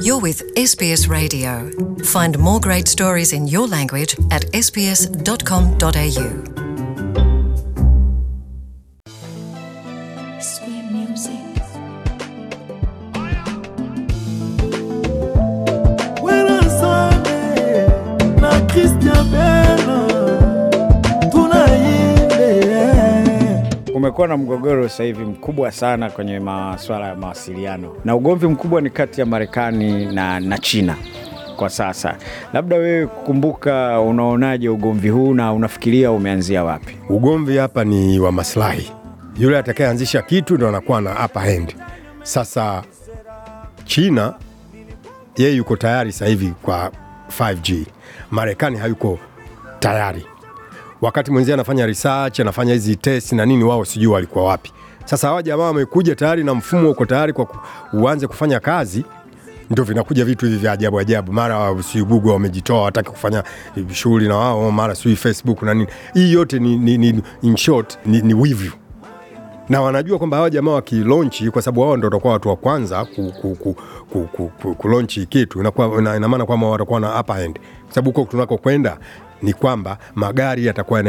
You're with SBS Radio. Find more great stories in your language at sbs.com.au. kumekuwa na mgogoro sasa hivi mkubwa sana kwenye masuala ya mawasiliano, na ugomvi mkubwa ni kati ya Marekani na, na China kwa sasa. Labda wewe kukumbuka, unaonaje ugomvi huu na unafikiria umeanzia wapi? Ugomvi hapa ni wa maslahi, yule atakayeanzisha kitu ndo anakuwa na upper hand. Sasa China yeye yuko tayari sasa hivi kwa 5G, Marekani hayuko tayari wakati mwenzie anafanya research, anafanya hizi test na nini, wao sijui walikuwa wapi. Sasa hawa jamaa wamekuja tayari na mfumo uko tayari kwa uanze kufanya kazi, ndio vinakuja vitu hivi vya ajabu ajabu, mara sijui Google wamejitoa wataki kufanya shughuli na wao, mara sijui Facebook na nini. Hii yote ni, ni, ni, in short ni, ni wivu na wanajua kwamba hawa jamaa wakilaunchi, kwa sababu wao ndio watakuwa watu wa kwanza ku, ku, ku, ku, ku, ku, kulaunchi kitu, ina maana kwamba watakuwa na upper hand, kwa sababu huko tunako kwenda ni kwamba magari yatakuwa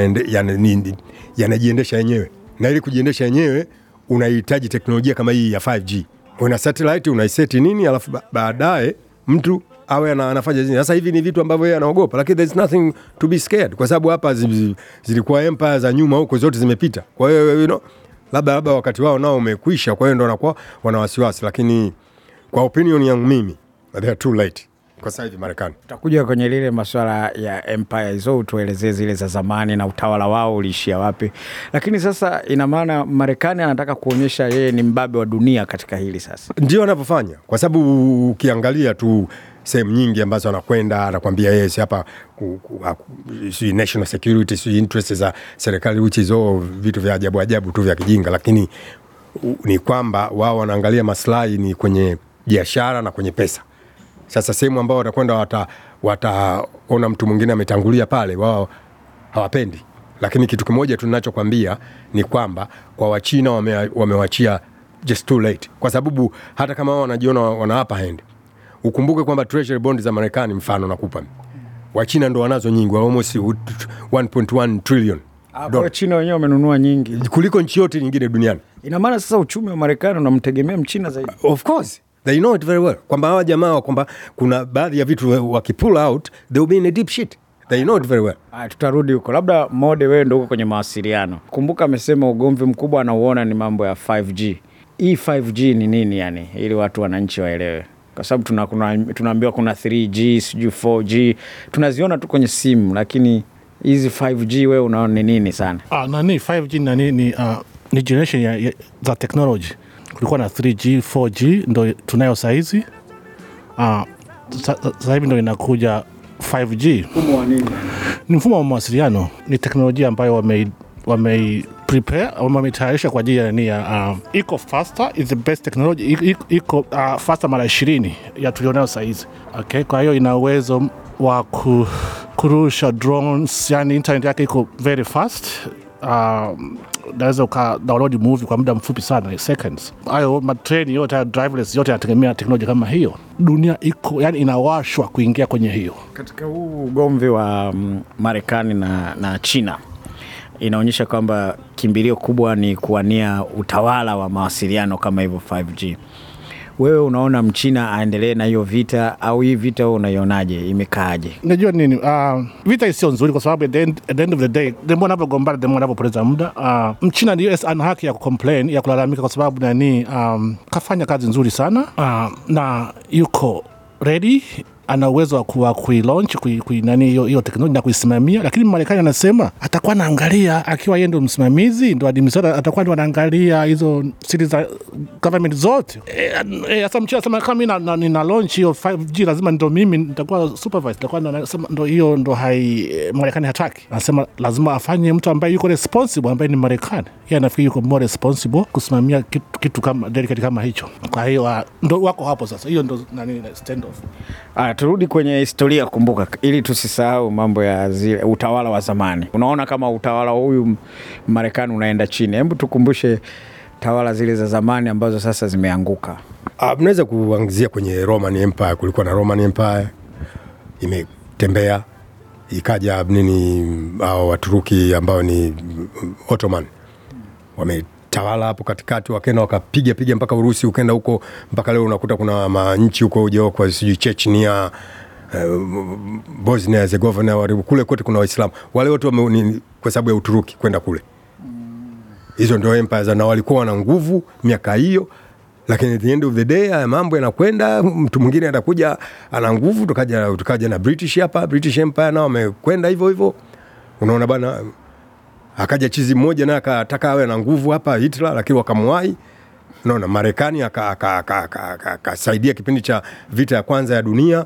yanajiendesha yenyewe, na ili kujiendesha yenyewe unahitaji teknolojia kama hii ya 5G. Una satellite unaiseti nini, alafu baadaye mtu awe anafanya zini. Sasa hivi ni vitu ambavyo yeye anaogopa, lakini there is nothing to be scared, kwa sababu hapa zilikuwa empire za nyuma huko zote zimepita. Kwa hiyo you know, labda labda wakati wao nao umekwisha, kwa hiyo ndo wanakuwa wana wasiwasi, lakini kwa opinion yangu mimi they are too late kwa sasa hivi Marekani. Tutakuja kwenye lile masuala ya empire hizo, utuelezee zile za zamani na utawala wao uliishia wapi, lakini sasa ina maana Marekani anataka kuonyesha yeye ni mbabe wa dunia katika hili sasa. Ndio anavyofanya kwa sababu ukiangalia tu sehemu nyingi ambazo anakwenda anakwambia yeye si hapa si national security si interest za serikali which is all vitu vya ajabu ajabu tu vya kijinga, lakini ni kwamba wao wanaangalia maslahi ni kwenye biashara na kwenye pesa sasa sehemu ambao watakwenda wataona wata, mtu mwingine ametangulia pale, wao hawapendi. Lakini kitu kimoja tunachokwambia ni kwamba kwa Wachina wamewachia wame, just too late, kwa sababu hata kama wao wanajiona wana upper hand, ukumbuke kwamba treasury bond za Marekani mfano nakupa Wachina ndo wanazo nyingi, wa almost 1.1 trillion ah, China wenyewe wamenunua nyingi kuliko nchi yote nyingine duniani. Ina maana sasa uchumi wa Marekani unamtegemea mchina zaidi, of course they know it very well kwamba hawa jamaa kwamba kuna baadhi ya vitu wakipull out they will be in a deep shit they know it very well. tutarudi huko labda mode, wewe ndo huko kwenye mawasiliano. Kumbuka amesema ugomvi mkubwa anauona ni mambo ya 5G. Hii 5G ni nini yani, ili watu wananchi waelewe, kwa sababu tunaambiwa tuna, kuna, kuna 3G sijui 4G tunaziona tu kwenye simu, lakini hizi 5G wewe unaona ni nini sana? Ah, nani 5G nani ni, uh, ni generation ya, ya, za technology kulikuwa na 3G, 4G ndo tunayo sahizi. Uh, ah, sasa hivi ndo inakuja 5G. Ni mfumo wa mawasiliano, ni teknolojia ambayo wame, wame prepare wametayarisha kwa ajili ya nani uh, um, iko faster is the best technology iko uh, faster mara 20 ya tulionayo sahizi Okay, kwa hiyo ina uwezo wa kurusha drones, yani internet yake iko very fast. Um, unaweza uka download movie kwa muda mfupi sana seconds. Hayo matreni yote ya driverless yote yanategemea teknolojia kama hiyo. Dunia iko yani inawashwa kuingia kwenye hiyo. Katika huu ugomvi wa mm, Marekani na, na China inaonyesha kwamba kimbilio kubwa ni kuwania utawala wa mawasiliano kama hivyo 5G wewe unaona Mchina aendelee na hiyo vita au hii vita wewe unaionaje, imekaaje? Najua nini, uh, vita sio nzuri kwa sababu at the end, at the end of the day demo anavyogombana demo anavyopoteza muda. Uh, Mchina ni US ana haki ya kucomplain ya kulalamika kwa sababu nani, um, kafanya kazi nzuri sana uh, na yuko redi ana uwezo wa kuilaunch kuinani kui, hiyo teknolojia na kuisimamia, lakini Marekani anasema atakuwa anaangalia akiwa yeye ndio msimamizi ndo administrator, atakuwa ndo anaangalia hizo siri za government zote. E, eh, e, eh, asa mchia sema kama mimi nina launch hiyo 5G lazima ndo mimi nitakuwa supervisor, nitakuwa ndo anasema ndo hiyo ndo hai eh, Marekani hataki. Anasema lazima afanye mtu ambaye yuko responsible, ambaye ni Marekani, yeye anafikiri yuko more responsible kusimamia kitu, kitu kama delicate kama hicho. Kwa hiyo ah, ndo wako hapo sasa, hiyo ndo nani standoff. Haya, turudi kwenye historia. Kumbuka, ili tusisahau mambo ya zile utawala wa zamani. Unaona kama utawala huyu Marekani unaenda chini, hebu tukumbushe tawala zile za zamani ambazo sasa zimeanguka. Ah, mnaweza kuangazia kwenye Roman Empire. Kulikuwa na Roman Empire imetembea ikaja nini, hao Waturuki ambao ni Ottoman wame tawala hapo katikati, wakaenda wakapiga piga mpaka Urusi, ukenda huko mpaka leo unakuta kuna manchi huko kwa sijui Chechnia Uh, eh, Bosnia Herzegovina waribu kule kote kuna Waislamu wale wote kwa sababu ya Uturuki kwenda kule. Hizo ndio za na walikuwa wana nguvu miaka hiyo, lakini at the end of the day haya mambo yanakwenda, mtu mwingine atakuja ana nguvu, tukaja tukaja na British hapa, British Empire nao wamekwenda hivyo hivyo, unaona bana akaja chizi mmoja naye akataka awe na nguvu hapa Hitler, lakini wakamwahi naona Marekani akasaidia kipindi cha vita ya kwanza ya dunia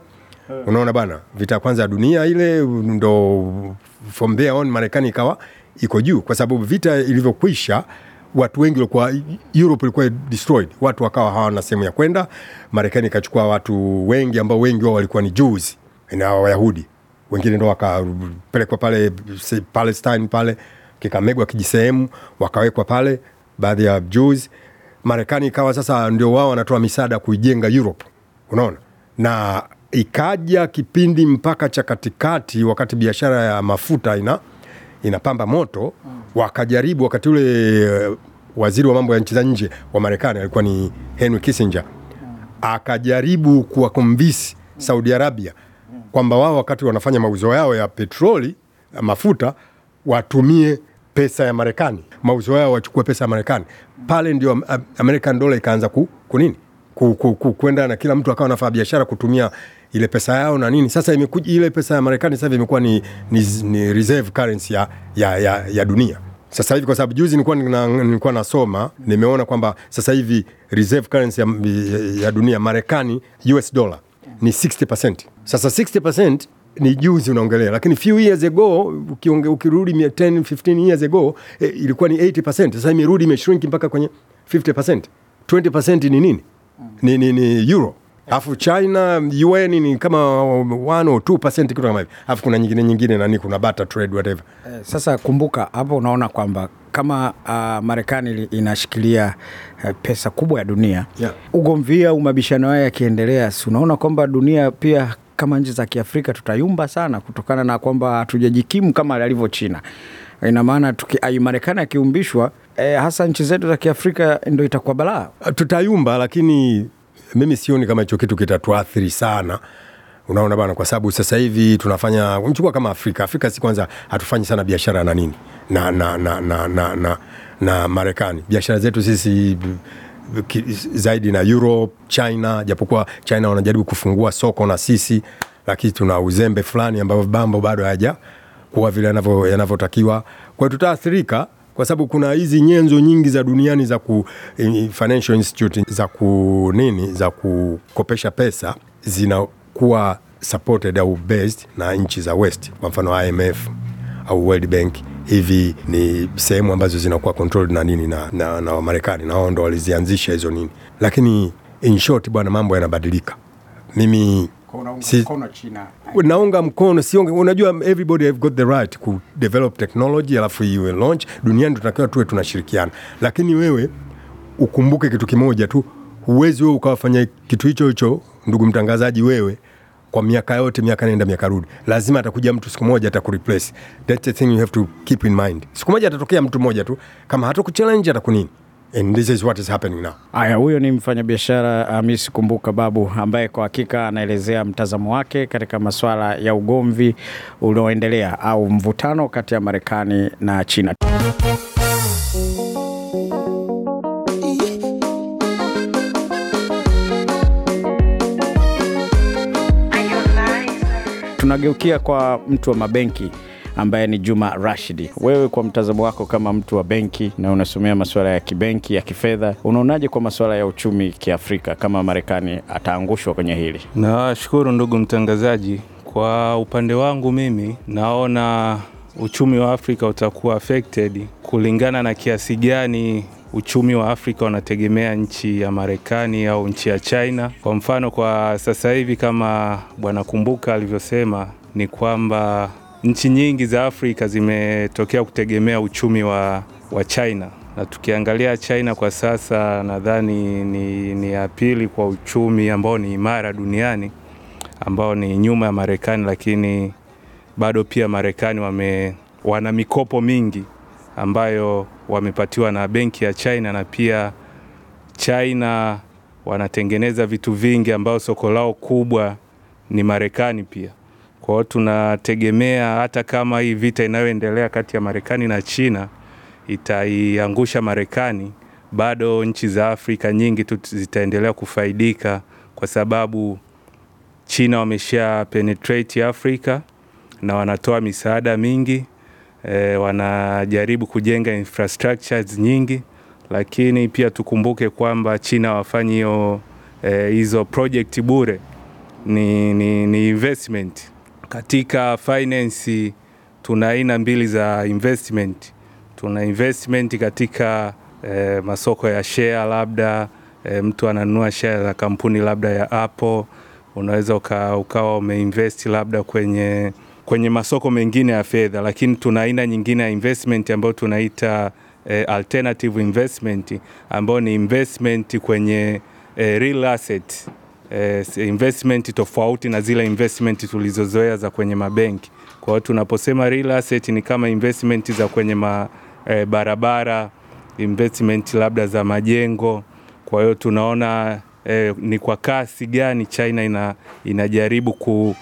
eh. unaona bana, vita ya kwanza ya dunia ile ndo from there on Marekani ikawa iko juu, kwa sababu vita ilivyokwisha watu wengi walikuwa Europe ilikuwa destroyed, watu wakawa hawana sehemu ya kwenda. Marekani ikachukua watu wengi ambao wengi wao walikuwa ni Jews na Wayahudi, wengine ndo wakapelekwa pale Palestine pale Kikamegwa kijisehemu, wakawekwa pale baadhi ya Jews. Marekani ikawa sasa ndio wao wanatoa misaada kuijenga Europe, unaona, na ikaja kipindi mpaka cha katikati, wakati biashara ya mafuta ina inapamba moto, wakajaribu wakati ule eh, waziri wa mambo ya nchi za nje wa Marekani alikuwa ni Henry Kissinger, akajaribu kuwakomvisi Saudi Arabia kwamba wao wakati wanafanya mauzo yao ya petroli mafuta watumie pesa ya Marekani, mauzo yao wachukue pesa ya Marekani. Pale ndio American dola ikaanza ku, kunini ku, ku, ku, kwenda na kila mtu akawa nafaa biashara kutumia ile pesa yao na nini. Sasa imekuja ile pesa ya Marekani sasa imekuwa ni, ni, ni reserve currency ya, ya, ya, ya dunia sasa hivi, kwa sababu juzi nilikuwa na, nilikuwa nasoma nimeona kwamba sasa hivi reserve currency ya, ya dunia Marekani US dollar ni 60%. Sasa 60% ni juzi unaongelea, lakini few years ago ukionge, ukirudi 10 15 years ago eh, ilikuwa ni 80%. Sasa imerudi imeshrink mpaka kwenye 50%. 20% ni nini? Ni, ni, ni ni euro alafu China UN ni kama 1 or 2% kitu kama hivi, alafu kuna nyingine nyingine nani, kuna barter trade whatever. Eh, sasa kumbuka hapo, unaona kwamba kama uh, Marekani inashikilia uh, pesa kubwa ya dunia yeah. Ugomvi au mabishano haya yakiendelea, si unaona kwamba dunia pia kama nchi za Kiafrika tutayumba sana kutokana na kwamba hatujajikimu kama alivyo China. Ina maana Marekani akiumbishwa e, eh, hasa nchi zetu za Kiafrika ndo itakuwa balaa, tutayumba. Lakini mimi sioni kama hicho kitu kitatuathiri sana Unaona bana, kwa sababu sasa hivi tunafanya mchukua kama Afrika. Afrika si kwanza, hatufanyi sana biashara na nini na, na, na, na, na, na, na Marekani. Biashara zetu sisi zaidi na Europe, China, japokuwa China wanajaribu kufungua soko na sisi, lakini tuna uzembe fulani ambao mambo bado haja kuwa vile yanavyotakiwa. Kwa hiyo tutaathirika kwa sababu kuna hizi nyenzo nyingi za duniani za ku, eh, financial institute za ku nini za kukopesha pesa zinakuwa supported au based na nchi za West, kwa mfano IMF au World Bank hivi ni sehemu ambazo zinakuwa controlled na nini na, na, na Wamarekani na wao ndo walizianzisha hizo nini, lakini in short bwana, mambo yanabadilika. Mimi si, mkono China. Naunga mkono sionge, unajua everybody have got the right ku develop technology alafu iwe launch duniani, tunatakiwa tuwe tunashirikiana, lakini wewe ukumbuke kitu kimoja tu, huwezi wewe ukawafanya kitu hicho hicho ndugu mtangazaji, wewe kwa miaka yote, miaka nenda miaka rudi, lazima atakuja mtu siku moja atakureplace. That's the thing you have to keep in mind. Siku moja atatokea mtu mmoja tu, kama hatakuchallenge atakunini And this is what is happening now. Aya, huyo ni mfanyabiashara Hamisi ah, Kumbuka Babu ambaye kwa hakika anaelezea mtazamo wake katika masuala ya ugomvi unaoendelea au mvutano kati ya Marekani na China. tunageukia kwa mtu wa mabenki ambaye ni Juma Rashidi. Wewe kwa mtazamo wako kama mtu wa benki na unasomea masuala ya kibenki ya kifedha, unaonaje kwa masuala ya uchumi kiafrika kama Marekani ataangushwa kwenye hili? Nashukuru ndugu mtangazaji. Kwa upande wangu mimi naona uchumi wa Afrika utakuwa affected kulingana na kiasi gani uchumi wa Afrika wanategemea nchi ya Marekani au nchi ya China. Kwa mfano, kwa sasa hivi kama Bwana Kumbuka alivyosema ni kwamba nchi nyingi za Afrika zimetokea kutegemea uchumi wa, wa China na tukiangalia China kwa sasa nadhani ni, ni ya pili kwa uchumi ambao ni imara duniani ambao ni nyuma ya Marekani, lakini bado pia Marekani wame, wana mikopo mingi ambayo wamepatiwa na benki ya China, na pia China wanatengeneza vitu vingi ambao soko lao kubwa ni Marekani pia. Kwa hiyo tunategemea hata kama hii vita inayoendelea kati ya Marekani na China itaiangusha Marekani, bado nchi za Afrika nyingi tu zitaendelea kufaidika kwa sababu China wamesha penetrate Afrika na wanatoa misaada mingi e, wanajaribu kujenga infrastructures nyingi, lakini pia tukumbuke kwamba China wafanyi hiyo eh, hizo e, project bure. Ni, ni, ni investment. Katika finance tuna aina mbili za investment. Tuna investment katika e, masoko ya share labda e, mtu ananunua share za kampuni labda ya Apple, unaweza ukawa umeinvest labda kwenye kwenye masoko mengine ya fedha, lakini tuna aina nyingine ya investment ambayo tunaita eh, alternative investment ambayo ni investment kwenye eh, real asset eh, investment tofauti na zile investment tulizozoea za kwenye mabenki. Kwa hiyo tunaposema real asset ni kama investment za kwenye ma, eh, barabara investment labda za majengo. Kwa hiyo tunaona eh, ni kwa kasi gani China ina, inajaribu ku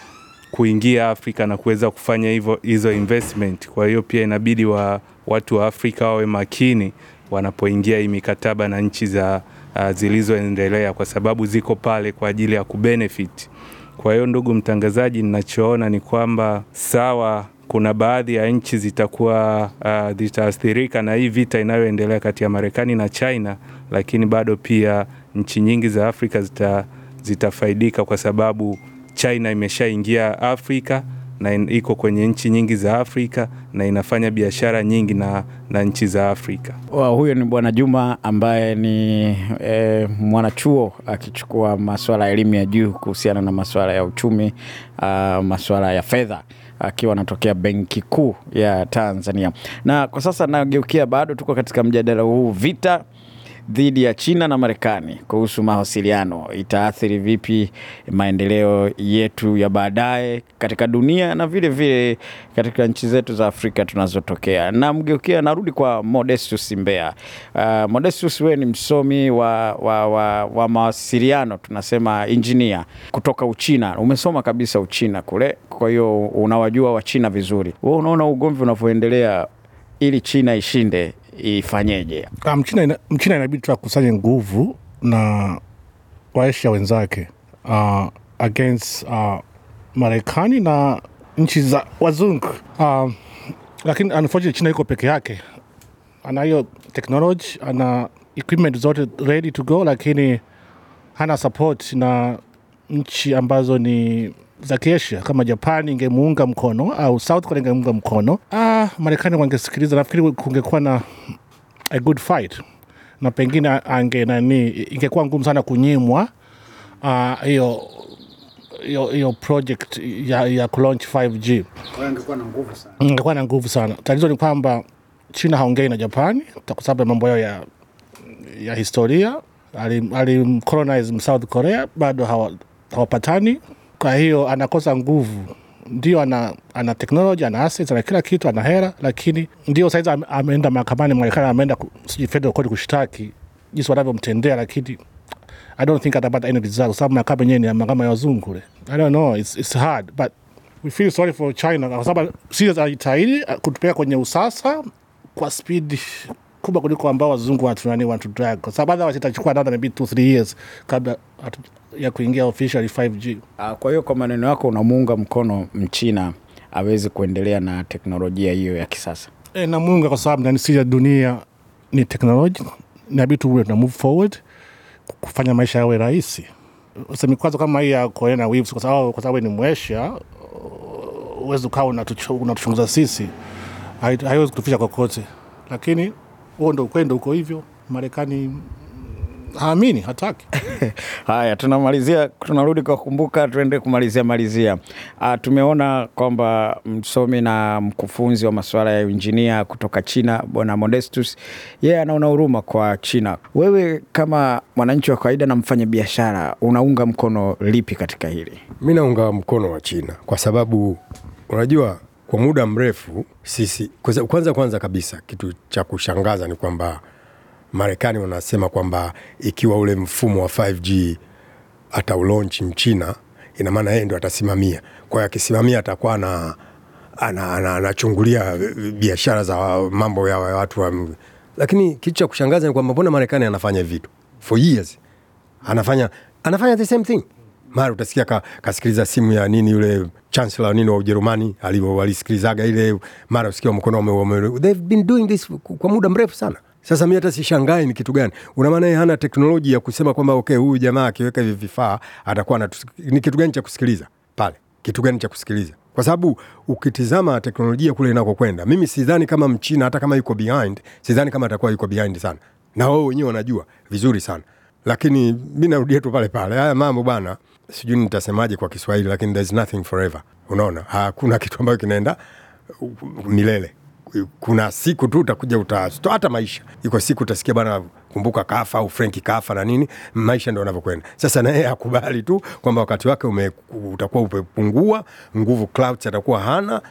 kuingia Afrika na kuweza kufanya hivyo hizo investment. Kwa hiyo pia inabidi wa, watu wa Afrika wawe makini wanapoingia hii mikataba na nchi za uh, zilizoendelea kwa sababu ziko pale kwa ajili ya kubenefit. Kwa hiyo ndugu mtangazaji, ninachoona ni kwamba sawa, kuna baadhi ya nchi zitakuwa uh, zitaathirika na hii vita inayoendelea kati ya Marekani na China, lakini bado pia nchi nyingi za Afrika zita, zitafaidika kwa sababu China imeshaingia Afrika na iko kwenye nchi nyingi za Afrika na inafanya biashara nyingi na, na nchi za Afrika. Wow, huyo ni Bwana Juma ambaye ni e, mwanachuo akichukua masuala ya elimu ya juu kuhusiana na masuala ya uchumi, uh, ah, masuala ya fedha akiwa anatokea Benki Kuu ya Tanzania. Na kwa sasa nageukia, bado tuko katika mjadala huu vita dhidi ya China na Marekani kuhusu mawasiliano itaathiri vipi maendeleo yetu ya baadaye katika dunia na vile vile katika nchi zetu za Afrika tunazotokea. Na mgeukia, narudi kwa Modestus Mbea. Uh, Modestus, wewe ni msomi wa, wa, wa, wa mawasiliano, tunasema injinia kutoka Uchina, umesoma kabisa Uchina kule, kwa hiyo unawajua Wachina vizuri. Wewe unaona ugomvi unavyoendelea ili China ishinde ifanyeje? Ah, Mchina, ina, Mchina inabidi tu akusanye nguvu na Waasia wenzake uh, against uh, Marekani na nchi za wazungu uh, lakini unfortunately China iko peke yake, ana hiyo technology, ana equipment zote ready to go, lakini hana support na nchi ambazo ni za kiasia kama Japani ingemuunga mkono au South Korea ingemuunga mkono, ah, Marekani wangesikiliza, nafikiri kungekuwa na a good fight, na pengine ange nani, ingekuwa ngumu sana kunyimwa ah, hiyo ah, hiyo project ya, ya launch 5G ingekuwa na nguvu sana. Tatizo ni kwamba China haongei na Japani kwa sababu ya mambo yao ya, ya historia. Alimcolonize ali South Korea, bado hawapatani hawa kwa hiyo anakosa nguvu. Ndio ana, ana teknoloji ana assets ana kila kitu ana hera, lakini ndio saizi ameenda mahakamani Marekani, ameenda sijui kushtaki jinsi wanavyomtendea, lakini I don't think atapata any result kwa sababu mahakama yenyewe ni mahakama ya wazungu I don't know, it's, it's hard but we feel sorry for China kwa sababu kwenye usasa kwa spidi kubwa kuliko ambao wazungu watunani drag kwa sababu otherwise itachukua another maybe 2 3 years kabla ya kuingia officially 5G. Uh, ah, kwa hiyo kwa maneno yako unamuunga mkono mchina aweze kuendelea na teknolojia hiyo ya kisasa? E, namuunga kwa sababu nanisi ya dunia ni teknoloji, bitu we na move forward kufanya maisha yawe rahisi. Mikwazo kama hii ya corona waves, kwa sababu kwa sababu ni mwesha, uwezo kwa unatuchunguza sisi, haiwezi kutufisha kokote, lakini huo ndo ukwenda uko hivyo. Marekani haamini, hataki. Haya, tunamalizia, tunarudi kwa kumbuka, tuende kumalizia malizia. Uh, tumeona kwamba msomi na mkufunzi wa masuala ya injinia kutoka China Bwana Modestus yeye yeah, anaona huruma kwa China. Wewe kama mwananchi wa kawaida na mfanya biashara unaunga mkono lipi katika hili? Mi naunga mkono wa China kwa sababu unajua kwa muda mrefu sisi kwanza, kwanza kwanza kabisa kitu cha kushangaza ni kwamba Marekani wanasema kwamba ikiwa ule mfumo wa 5G ataulaunch nchina ina maana yeye ndo atasimamia. Kwa hiyo akisimamia atakuwa na anachungulia ana, ana biashara za mambo ya watu wa, lakini kitu cha kushangaza ni kwamba mbona Marekani anafanya vitu for years, anafanya anafanya the same thing mara utasikia ka, kasikiliza simu ya nini yule chancellor nini wa Ujerumani walisikilizaga ile, mara usikia mkono wame, they've been doing this kwa muda mrefu sana. Sasa mi hata sishangai ni kitu gani, una maana yeye hana teknoloji ya kusema kwamba okay, huyu jamaa akiweka hivi vifaa atakuwa na ni kitu gani cha kusikiliza pale, kitu gani cha kusikiliza kwa sababu ukitizama teknolojia kule inakokwenda, mimi sidhani kama Mchina hata kama yuko behind, sidhani kama atakuwa yuko behind sana, na wao wenyewe wanajua vizuri sana. Lakini mi narudia tu pale pale, haya mambo bwana sijui nitasemaje kwa Kiswahili, lakini there's nothing forever. Unaona, hakuna kitu ambacho kinaenda uh, milele kuna siku tu utakuja utatoa hata maisha. Iko siku utasikia bana kumbuka kafa au Frenki kafa na nini, maisha ndo anavyokwenda. Sasa na yeye akubali tu kwamba wakati wake ume, utakuwa umepungua nguvu, clouds atakuwa hana,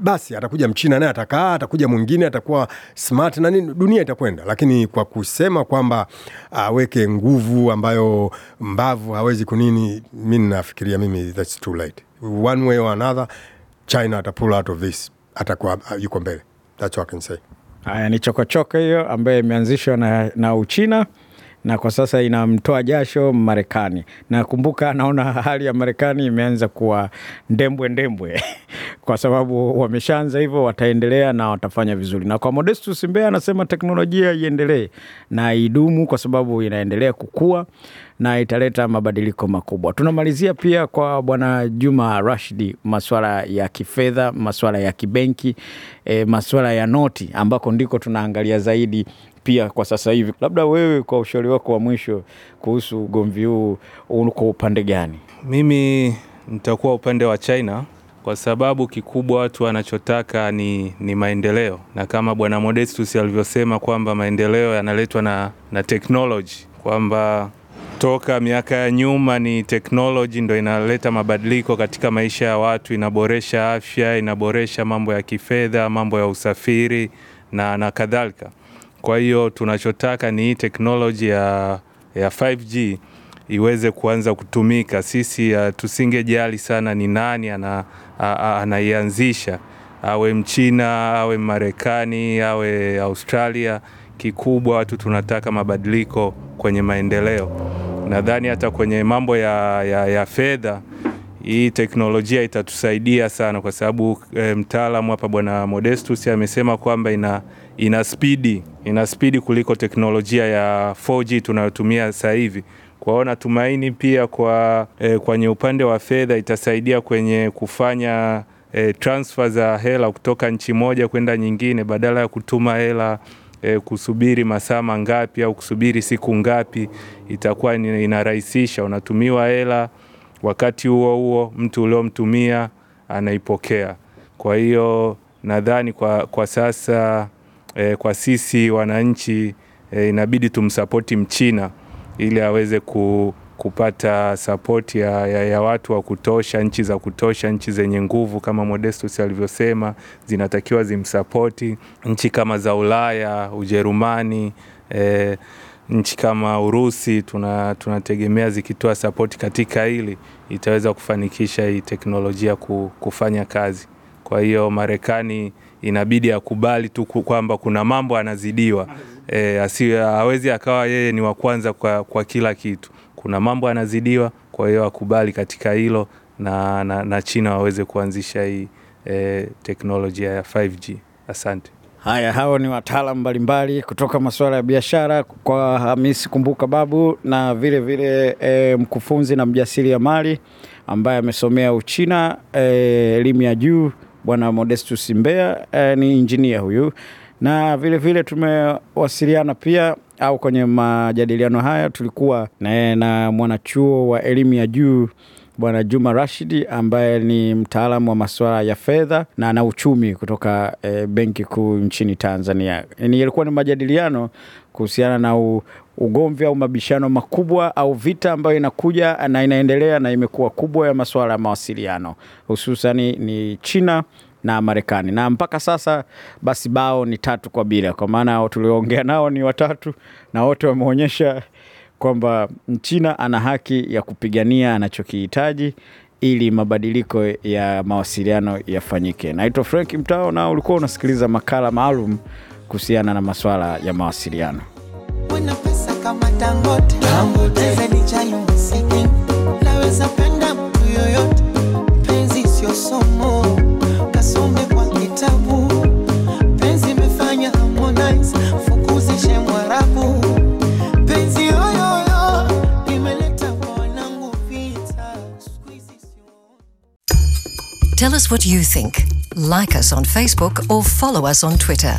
basi atakuja mchina naye atakaa, atakuja mwingine atakuwa smart na nini, dunia itakwenda. Lakini kwa kusema kwamba aweke nguvu ambayo mbavu hawezi kunini, mi nafikiria mimi that's too late, one way or another China ata out of this atakuwa uh, yuko mbele. That's what I can say. Haya ni chokochoko hiyo ambayo imeanzishwa na, na Uchina na kwa sasa inamtoa jasho Marekani. Nakumbuka naona hali ya Marekani imeanza kuwa ndembwe ndembwe kwa sababu wameshaanza hivyo, wataendelea na watafanya vizuri. Na kwa Modestus Mbea anasema teknolojia iendelee na idumu, kwa sababu inaendelea kukua na italeta mabadiliko makubwa. Tunamalizia pia kwa Bwana Juma Rashidi, masuala ya kifedha, masuala ya kibenki, e, eh, masuala ya noti ambako ndiko tunaangalia zaidi pia kwa sasa hivi. Labda wewe kwa ushauri wako wa mwisho kuhusu ugomvi huu uko upande gani? Mimi nitakuwa upande wa China kwa sababu kikubwa watu wanachotaka ni, ni maendeleo na kama Bwana Modestus alivyosema kwamba maendeleo yanaletwa na, na teknoloji kwamba toka miaka ya nyuma ni teknoloji ndo inaleta mabadiliko katika maisha ya watu, inaboresha afya, inaboresha mambo ya kifedha, mambo ya usafiri na, na kadhalika. Kwa hiyo tunachotaka ni hii teknoloji ya, ya 5G iweze kuanza kutumika. Sisi uh, tusingejali sana ni nani anaianzisha, awe Mchina, awe Marekani, awe Australia. Kikubwa watu tunataka mabadiliko kwenye maendeleo. Nadhani hata kwenye mambo ya, ya, ya fedha hii teknolojia itatusaidia sana kwa sababu e, mtaalamu hapa Bwana Modestus amesema kwamba ina, ina spidi ina spidi kuliko teknolojia ya 4G tunayotumia sasa hivi. Kwao natumaini pia kwa, e, kwenye upande wa fedha itasaidia kwenye kufanya e, transfer za hela kutoka nchi moja kwenda nyingine badala ya kutuma hela e, kusubiri masaa mangapi au kusubiri siku ngapi, itakuwa inarahisisha. Unatumiwa hela wakati huo huo, mtu uliomtumia anaipokea. Kwa hiyo nadhani kwa, kwa sasa e, kwa sisi wananchi e, inabidi tumsapoti Mchina ili aweze ku kupata sapoti ya, ya, ya watu wa kutosha, nchi za kutosha, nchi zenye nguvu kama Modestus alivyosema zinatakiwa zimsapoti, nchi kama za Ulaya, Ujerumani eh, nchi kama Urusi tunategemea tuna zikitoa sapoti katika hili itaweza kufanikisha hii teknolojia kufanya kazi. Kwa hiyo Marekani inabidi akubali tu kwamba kuna mambo anazidiwa, e, eh, asiwe hawezi akawa yeye ni wa kwanza kwa, kwa kila kitu kuna mambo yanazidiwa, kwa hiyo wakubali katika hilo na, na, na China waweze kuanzisha hii e, teknolojia ya 5G. Asante. Haya, hao ni wataalamu mbalimbali kutoka masuala ya biashara kwa Hamisi Kumbuka Babu na vile vile e, mkufunzi na mjasiriamali ambaye amesomea Uchina eh, elimu ya juu Bwana Modestus Mbea e, ni injinia huyu, na vile vile tumewasiliana pia au kwenye majadiliano haya tulikuwa na, na mwanachuo wa elimu ya juu Bwana Juma Rashidi ambaye ni mtaalamu wa masuala ya fedha na na uchumi kutoka e, Benki Kuu nchini Tanzania. Ni ni majadiliano kuhusiana na u, ugomvi au mabishano makubwa au vita ambayo inakuja na inaendelea na imekuwa kubwa ya masuala ya mawasiliano hususani ni China na Marekani, na mpaka sasa basi bao ni tatu kwa bila, kwa maana tulioongea nao ni watatu na wote wameonyesha kwamba Mchina ana haki ya kupigania anachokihitaji ili mabadiliko ya mawasiliano yafanyike. Naitwa Frank Mtao na ulikuwa unasikiliza makala maalum kuhusiana na masuala ya mawasiliano. Tell us what you think. Like us on Facebook or follow us on Twitter.